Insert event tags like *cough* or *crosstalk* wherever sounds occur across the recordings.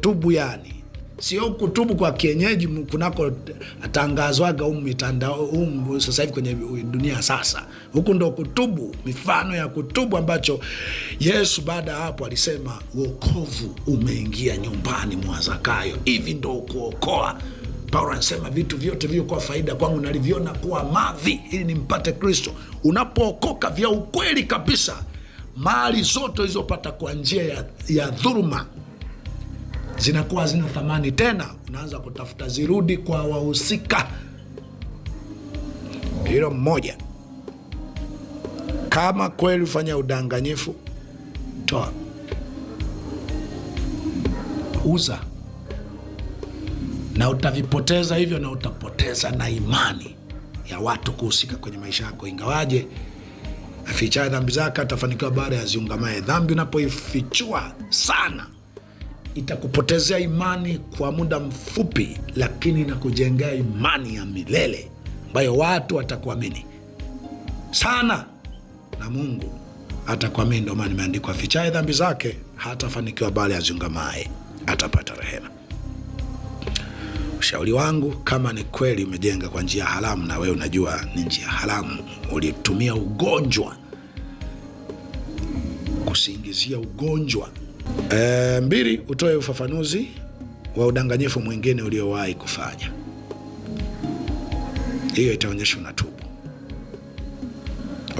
tubu yani sio kutubu kwa kienyeji kunako tangazwaga humu mitandao umu sasa hivi kwenye dunia sasa. Huku ndo kutubu, mifano ya kutubu ambacho Yesu baada ya hapo alisema wokovu umeingia nyumbani mwa Zakayo, hivi ndo kuokoa. Paulo anasema vitu vyote vilivyokuwa faida kwangu naliviona kuwa mavi ili nimpate Kristo. Unapookoka vya ukweli kabisa, mali zote ulizopata kwa njia ya, ya dhuruma zinakuwa hazina thamani tena, unaanza kutafuta zirudi kwa wahusika. Hilo mmoja. Kama kweli ufanya udanganyifu, toa, uza, na utavipoteza hivyo, na utapoteza na imani ya watu kuhusika kwenye maisha yako. Ingawaje afichaye dhambi zake atafanikiwa, bara ya ziungamaye dhambi. Unapoifichua sana itakupotezea imani kwa muda mfupi, lakini inakujengea imani ya milele ambayo watu watakuamini sana na Mungu atakuamini. Ndio maana imeandikwa, fichaye dhambi zake hatafanikiwa, bali aziungamaye atapata rehema. Ushauri wangu, kama ni kweli umejenga kwa njia haramu, na wewe unajua ni njia haramu, ulitumia ugonjwa kusingizia ugonjwa E, mbili, utoe ufafanuzi wa udanganyifu mwingine uliowahi kufanya. Hiyo itaonyesha unatubu.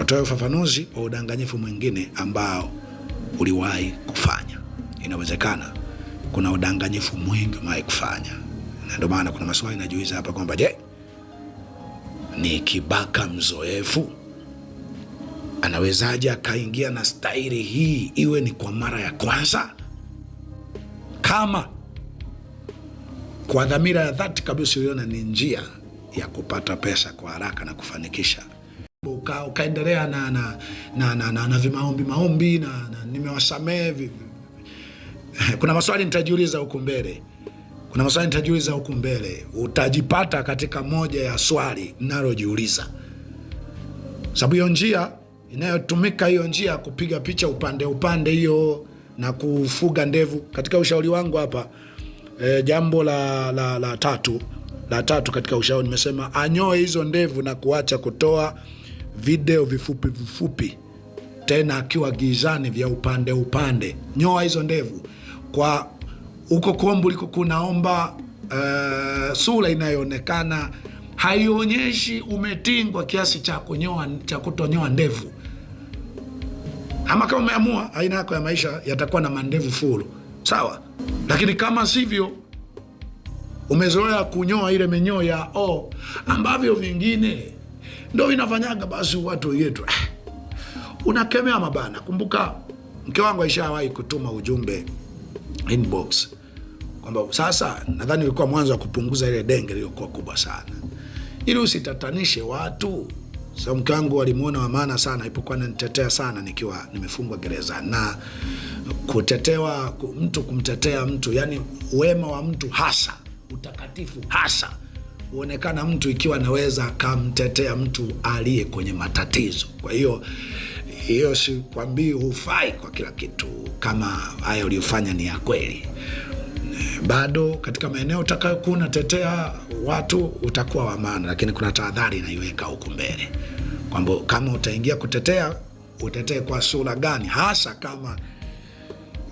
Utoe ufafanuzi wa udanganyifu mwingine ambao uliwahi kufanya. Inawezekana kuna udanganyifu mwingi umewahi kufanya, na ndio maana kuna maswali najiuliza hapa kwamba je, ni kibaka mzoefu? anawezaje akaingia na staili hii, iwe ni kwa mara ya kwanza? Kama kwa dhamira ya dhati kabisa uliona ni njia ya kupata pesa kwa haraka na kufanikisha, ukaendelea na, na, na, na, na, na vimaombi maombi na, na nimewasamehe. *laughs* Kuna maswali nitajiuliza huku mbele kuna maswali nitajiuliza huku mbele, utajipata katika moja ya swali nalojiuliza, sababu hiyo njia inayotumika hiyo njia ya kupiga picha upande upande hiyo na kufuga ndevu. Katika ushauri wangu hapa e, jambo la, la, la tatu la tatu katika ushauri nimesema anyoe hizo ndevu na kuacha kutoa video vifupi vifupi, tena akiwa gizani vya upande upande. Nyoa hizo ndevu kwa huko kombu liko kunaomba uh, sura inayoonekana haionyeshi umetingwa kiasi cha kunyoa cha kutonyoa ndevu. Ama kama umeamua aina yako ya maisha yatakuwa na mandevu fulu, sawa. Lakini kama sivyo, umezoea kunyoa ile minyoo ya o, oh, ambavyo vingine ndo vinafanyaga basi watu wetu ah, unakemea mabana. Kumbuka mke wangu aishawahi kutuma ujumbe inbox kwamba sasa, nadhani ilikuwa mwanzo wa kupunguza ile denge lililokuwa kubwa sana, ili usitatanishe watu. Sasa mke wangu alimuona wa maana sana, ipokuwa nanitetea sana nikiwa nimefungwa gereza, na kutetewa mtu, kumtetea mtu, yani wema wa mtu hasa utakatifu hasa huonekana mtu ikiwa anaweza akamtetea mtu aliye kwenye matatizo. Kwa hiyo hiyo, sikwambii hufai kwa kila kitu, kama haya uliyofanya ni ya kweli bado katika maeneo utakayokuwa unatetea watu utakuwa wa maana, lakini kuna tahadhari inaiweka huku mbele kwamba kama utaingia kutetea, utetee kwa sura gani, hasa kama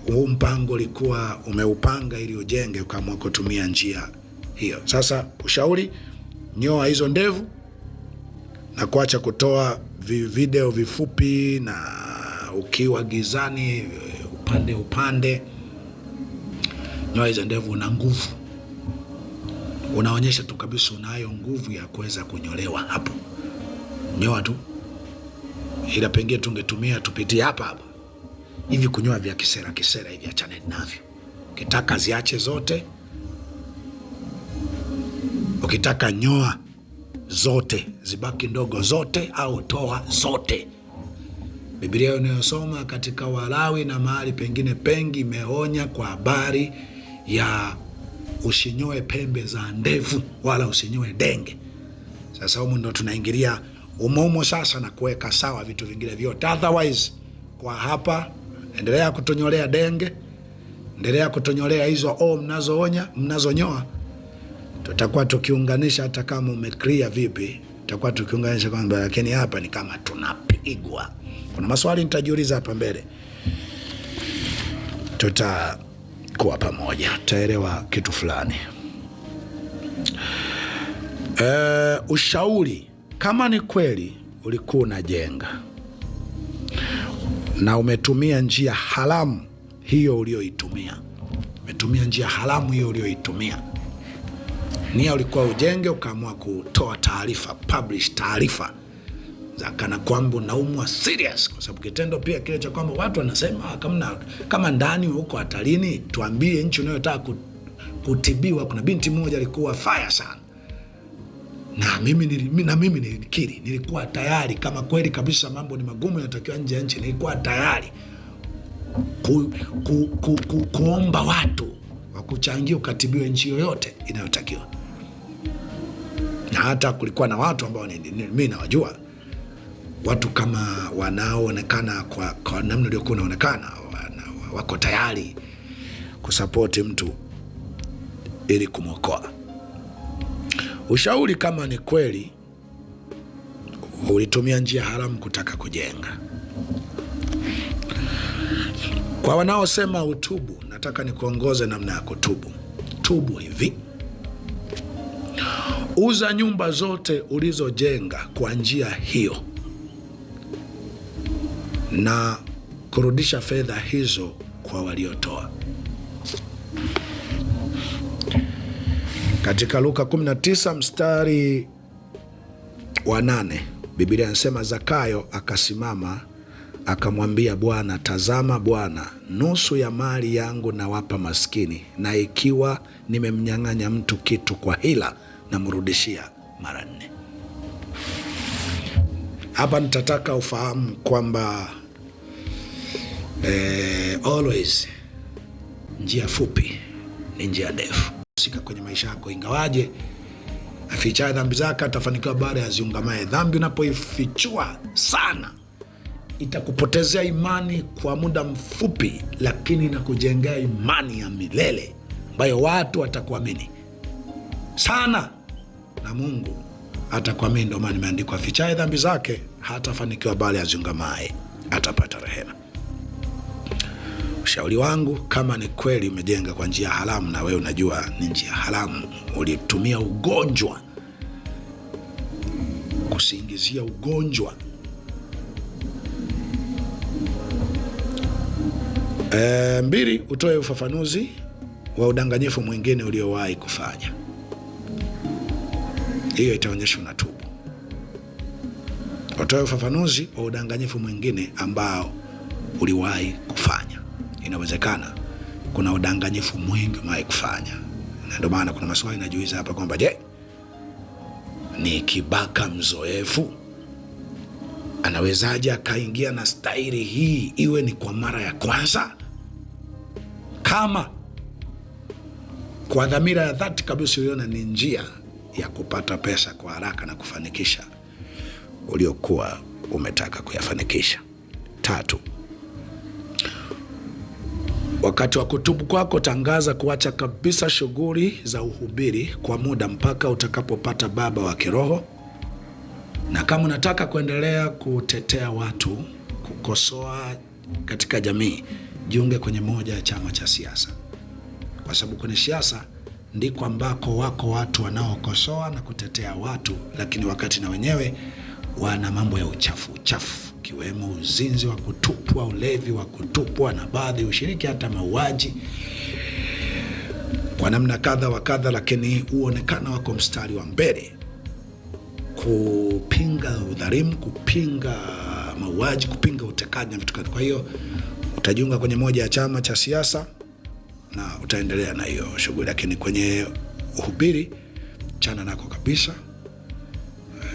huu mpango ulikuwa umeupanga ili ujenge, ukaamua kutumia njia hiyo. Sasa ushauri, nyoa hizo ndevu na kuacha kutoa video vifupi na ukiwa gizani upande upande nyoa za ndevu una nguvu, unaonyesha tu kabisa unayo nguvu ya kuweza kunyolewa. Hapo nyoa tu, ila pengine tungetumia tupitie hapa hapa hivi kunyoa vya kisera kisera hivi, achane navyo. Ukitaka ziache zote, ukitaka nyoa zote, zibaki ndogo zote, au toa zote. Biblia unayosoma katika Walawi na mahali pengine pengi imeonya kwa habari ya usinyoe pembe za ndevu wala usinyoe denge. Sasa humu ndo tunaingilia umomo sasa na kuweka sawa vitu vingine vyote, otherwise kwa hapa, endelea kutonyolea denge, endelea kutonyolea hizo o mnazoonya mnazonyoa, tutakuwa tukiunganisha hata kama umekria vipi, tutakuwa tukiunganisha kwamba, lakini hapa ni kama tunapigwa. Kuna maswali nitajiuliza hapa mbele tuta kuwa pamoja, taelewa kitu fulani. E, ushauri kama ni kweli ulikuwa unajenga na umetumia njia haramu hiyo ulioitumia, umetumia njia haramu hiyo ulioitumia, nia ulikuwa ujenge, ukaamua kutoa taarifa publish taarifa kana kwamba unaumwa serious, kwa sababu kitendo pia kile cha kwamba watu wanasema ah, kama, kama ndani huko hatarini, tuambie nchi unayotaka kutibiwa. Kuna binti mmoja alikuwa faya sana na mimi nili, na mimi nilikiri, nilikuwa tayari kama kweli kabisa mambo ni magumu yanatakiwa nje ya nchi, nilikuwa tayari ku, ku, ku, ku, kuomba watu wa kuchangia ukatibiwe nchi yoyote inayotakiwa, na hata kulikuwa na watu ambao mimi nawajua watu kama wanaoonekana kwa, kwa namna uliokuwa unaonekana wako tayari kusapoti mtu ili kumwokoa. Ushauri kama ni kweli ulitumia njia haramu kutaka kujenga. Kwa wanaosema utubu, nataka nikuongoze namna ya kutubu. Tubu hivi: uza nyumba zote ulizojenga kwa njia hiyo na kurudisha fedha hizo kwa waliotoa. Katika Luka 19 mstari wa nane Biblia inasema Zakayo akasimama akamwambia Bwana, tazama Bwana, nusu ya mali yangu nawapa maskini, na ikiwa nimemnyang'anya mtu kitu kwa hila, namrudishia mara nne. Hapa nitataka ufahamu kwamba Eh, always njia fupi ni njia ndefu. Sika kwenye maisha yako, ingawaje afichaye dhambi zake atafanikiwa, ya aziungamaye dhambi. Unapoifichua sana itakupotezea imani kwa muda mfupi, lakini inakujengea imani ya milele ambayo watu watakuamini sana na Mungu atakuamini. Ndio maana imeandikwa, afichaye dhambi zake hatafanikiwa, ya aziungamaye atapata rehema. Ushauri wangu kama ni kweli umejenga kwa njia haramu, na wewe unajua ni njia haramu, ulitumia ugonjwa kusingizia ugonjwa E, mbili, utoe ufafanuzi wa udanganyifu mwingine uliowahi kufanya. Hiyo itaonyesha unatubu. Utoe ufafanuzi wa udanganyifu mwingine ambao uliwahi kufanya inawezekana kuna udanganyifu mwingi umewahi kufanya, na ndio maana kuna maswali najiuliza hapa kwamba je, ni kibaka mzoefu anawezaje akaingia na staili hii, iwe ni kwa mara ya kwanza, kama kwa dhamira ya dhati kabisa uliona ni njia ya kupata pesa kwa haraka na kufanikisha uliokuwa umetaka kuyafanikisha. Tatu, Wakati wa kutubu kwako, tangaza kuacha kabisa shughuli za uhubiri kwa muda mpaka utakapopata baba wa kiroho. Na kama unataka kuendelea kutetea watu, kukosoa katika jamii, jiunge kwenye moja ya chama cha siasa, kwa sababu kwenye siasa ndiko ambako wako watu wanaokosoa na kutetea watu, lakini wakati na wenyewe wana mambo ya uchafu uchafu ikiwemo uzinzi wa kutupwa, ulevi wa kutupwa na baadhi ushiriki hata mauaji kwa namna kadha wa kadha, lakini huonekana wako mstari wa mbele kupinga udhalimu, kupinga mauaji, kupinga utekaji na vitu Kwa hiyo utajiunga kwenye moja ya chama cha siasa na utaendelea na hiyo shughuli, lakini kwenye uhubiri chana nako kabisa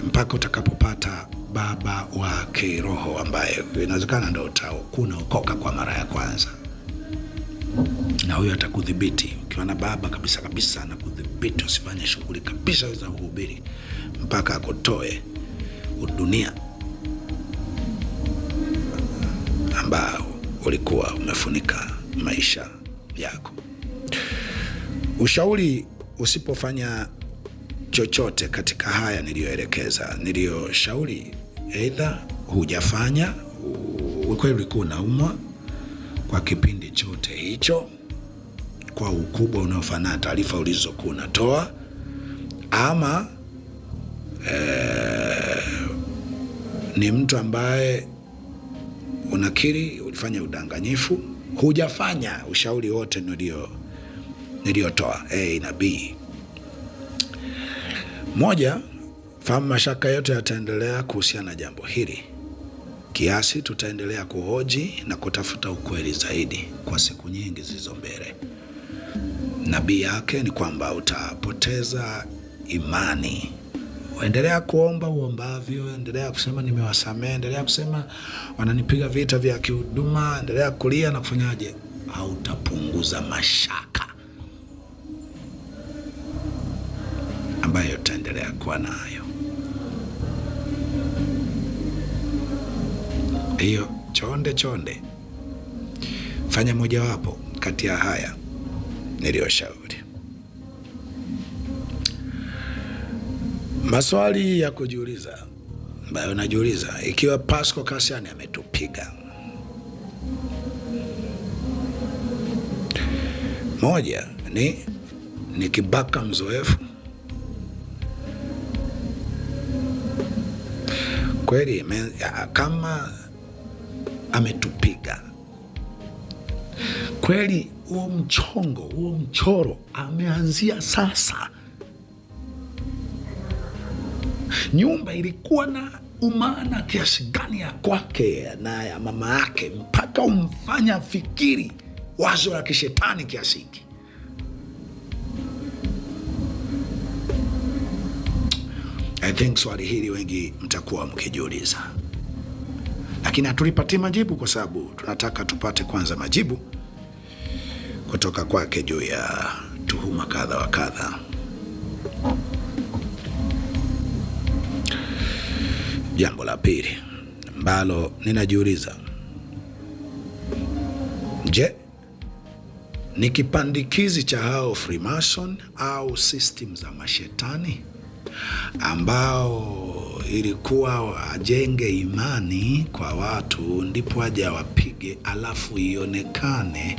mpaka utakapopata baba wa kiroho ambaye inawezekana ndo kunaokoka kwa mara ya kwanza, na huyo atakudhibiti ukiwa na baba kabisa kabisa, anakudhibiti usifanye shughuli kabisa za uhubiri mpaka akotoe dunia ambao ulikuwa umefunika maisha yako. Ushauri, usipofanya chochote katika haya niliyoelekeza, niliyoshauri Aidha hujafanya ukweli, ulikuwa unaumwa kwa kipindi chote hicho kwa ukubwa unaofanana taarifa ulizokuwa unatoa ama e, ni mtu ambaye unakiri ulifanya udanganyifu, hujafanya ushauri wote niliotoa A na B. Moja Fahamu mashaka yote yataendelea kuhusiana na jambo hili kiasi tutaendelea kuhoji na kutafuta ukweli zaidi kwa siku nyingi zilizo mbele. Nabii yake ni kwamba utapoteza imani. Endelea kuomba uombavyo, endelea kusema nimewasamehe, endelea kusema wananipiga vita vya kihuduma, endelea kulia na kufanyaje, hautapunguza mashaka ambayo utaendelea kuwa nayo. Hiyo chonde chonde, fanya mojawapo kati ya haya niliyoshauri. Maswali ya kujiuliza ambayo najiuliza, ikiwa Pasco Cassian ametupiga moja ni ni kibaka mzoefu kweli? Kama ametupiga kweli. Huo mchongo huo mchoro ameanzia sasa. Nyumba ilikuwa na umaana kiasi gani ya kwake na ya mama yake, mpaka umfanya fikiri wazo la kishetani kiasi hiki. I think swali hili wengi mtakuwa mkijiuliza lakini hatulipatie majibu kwa sababu tunataka tupate kwanza majibu kutoka kwake juu ya tuhuma kadha wa kadha. Jambo la pili ambalo ninajiuliza, je, ni kipandikizi cha hao Freemason au system za mashetani? ambao ilikuwa ajenge imani kwa watu, ndipo aje awapige, alafu ionekane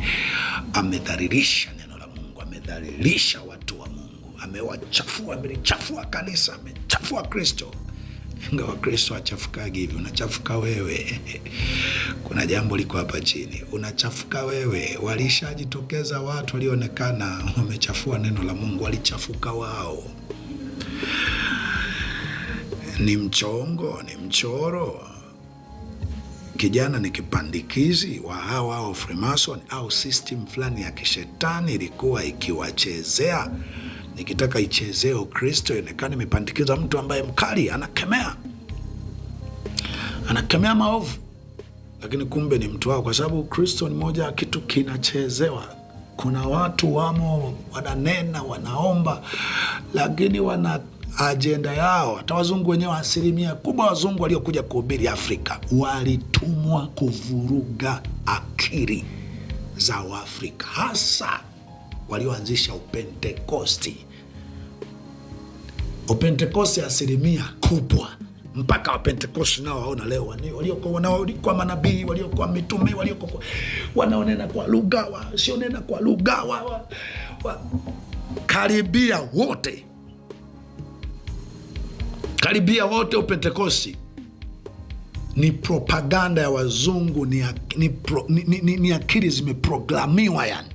amedhalilisha neno la Mungu, amedhalilisha watu wa Mungu, amewachafua, amelichafua kanisa, amechafua Kristo. Ingawa Kristo achafukagi hivi, unachafuka wewe. *laughs* Kuna jambo liko hapa chini, unachafuka wewe. Walishajitokeza watu walioonekana wamechafua neno la Mungu, walichafuka wao ni mchongo, ni mchoro, kijana ni kipandikizi wa hawa au Freemason au system fulani ya kishetani ilikuwa ikiwachezea, nikitaka ichezee Ukristo, inaonekana imepandikiza mtu ambaye mkali, anakemea anakemea maovu, lakini kumbe ni mtu wao, kwa sababu Ukristo ni moja ya kitu kinachezewa kuna watu wamo wananena, wanaomba, lakini wana ajenda yao. Hata wazungu wenyewe, asilimia kubwa wazungu waliokuja kuhubiri Afrika walitumwa kuvuruga akili za Waafrika, hasa walioanzisha Upentekosti. Upentekosti asilimia kubwa mpaka Wapentekosti nao waona leo waliokuwa manabii waliokuwa mitume waliokuwa wanaonena kwa lugha wasionena kwa lugha wa, wa, karibia wote karibia wote Upentekosti ni propaganda ya wazungu, ni, ni, pro, ni, ni, ni akili zimeprogramiwa yani,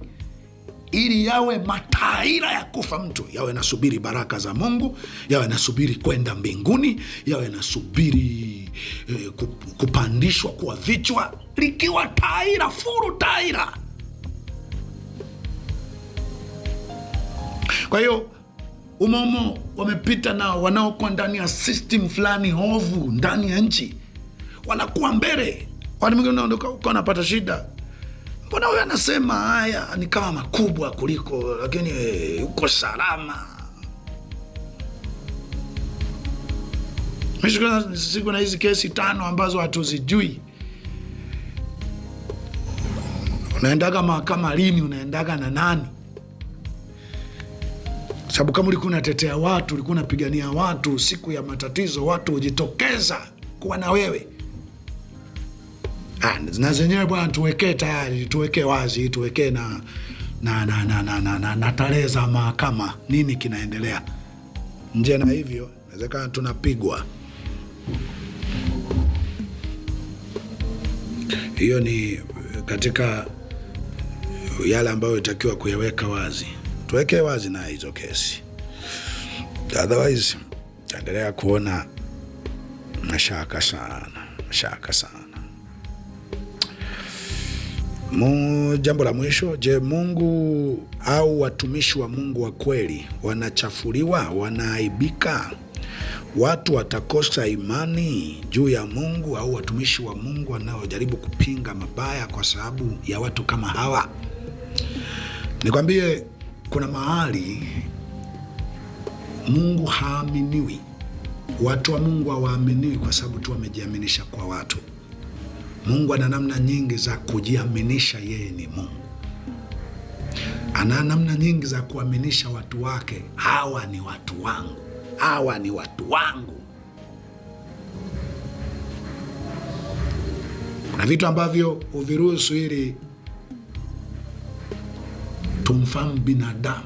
ili yawe mataira ya kufa mtu, yawe nasubiri baraka za Mungu, yawe nasubiri kwenda mbinguni, yawe nasubiri eh, kupandishwa kuwa vichwa, likiwa taira furu taira. Kwa hiyo umomo wamepita nao wanaokuwa ndani ya system fulani hovu ndani ya nchi wanakuwa mbele, wanapata shida. Mbona huyo anasema haya ni kama makubwa kuliko, lakini eh, uko salama. Siku na hizi kesi tano ambazo hatuzijui unaendaga mahakama lini? Unaendaga na nani? sababu kama ulikuwa unatetea watu, ulikuwa unapigania watu, siku ya matatizo watu hujitokeza kuwa na wewe. Ah, na zenyewe bwana, tuwekee tayari, tuwekee wazi, tuwekee na na, na, na, na, na, na, na tarehe za mahakama, nini kinaendelea nje. Na hivyo inawezekana tunapigwa. Hiyo ni katika yale ambayo itakiwa kuyaweka wazi tuweke wazi na hizo kesi, otherwise endelea kuona mashaka sana, mashaka sana. Mu, jambo la mwisho, je, Mungu au watumishi wa Mungu wa kweli wanachafuliwa, wanaaibika? Watu watakosa imani juu ya Mungu au watumishi wa Mungu wanaojaribu kupinga mabaya kwa sababu ya watu kama hawa? Nikwambie kuna mahali Mungu haaminiwi, watu wa Mungu hawaaminiwi kwa sababu tu wamejiaminisha kwa watu. Mungu ana namna nyingi za kujiaminisha, yeye ni Mungu. Ana namna nyingi za kuaminisha watu wake, hawa ni watu wangu, hawa ni watu wangu. Kuna vitu ambavyo uviruhusu ili tumfahamu binadamu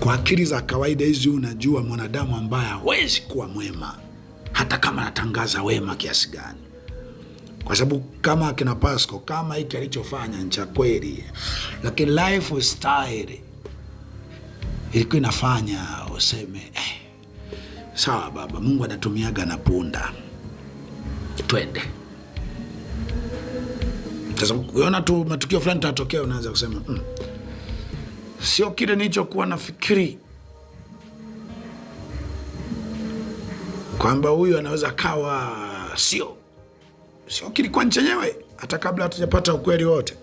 kwa akili za kawaida hizi, unajua mwanadamu ambaye hawezi kuwa mwema hata kama anatangaza wema kiasi gani, kwa sababu kama akina Pasco, kama hiki alichofanya ni cha kweli, lakini lifestyle ilikuwa inafanya useme eh, sawa baba, Mungu anatumiaga na punda, twende sasa ukiona tu matukio fulani tatokea, unaanza kusema mm, sio kile nilichokuwa nafikiri kwamba huyu anaweza kawa sio sio kilikuwa kwa chenyewe, hata kabla hatujapata ukweli wote.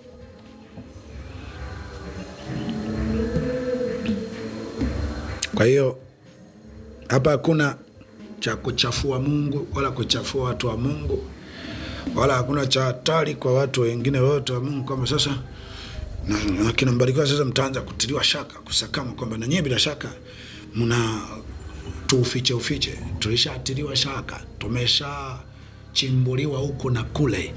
Kwa hiyo hapa hakuna cha kuchafua Mungu wala kuchafua watu wa Mungu wala hakuna cha hatari kwa watu wengine wote wa Mungu, kwamba sasa na akina Mbarikiwa sasa mtaanza kutiliwa shaka, kusakama kwamba na nyinyi bila shaka mna tuufiche ufiche. Tulishatiliwa shaka, tumeshachimbuliwa huko na kule.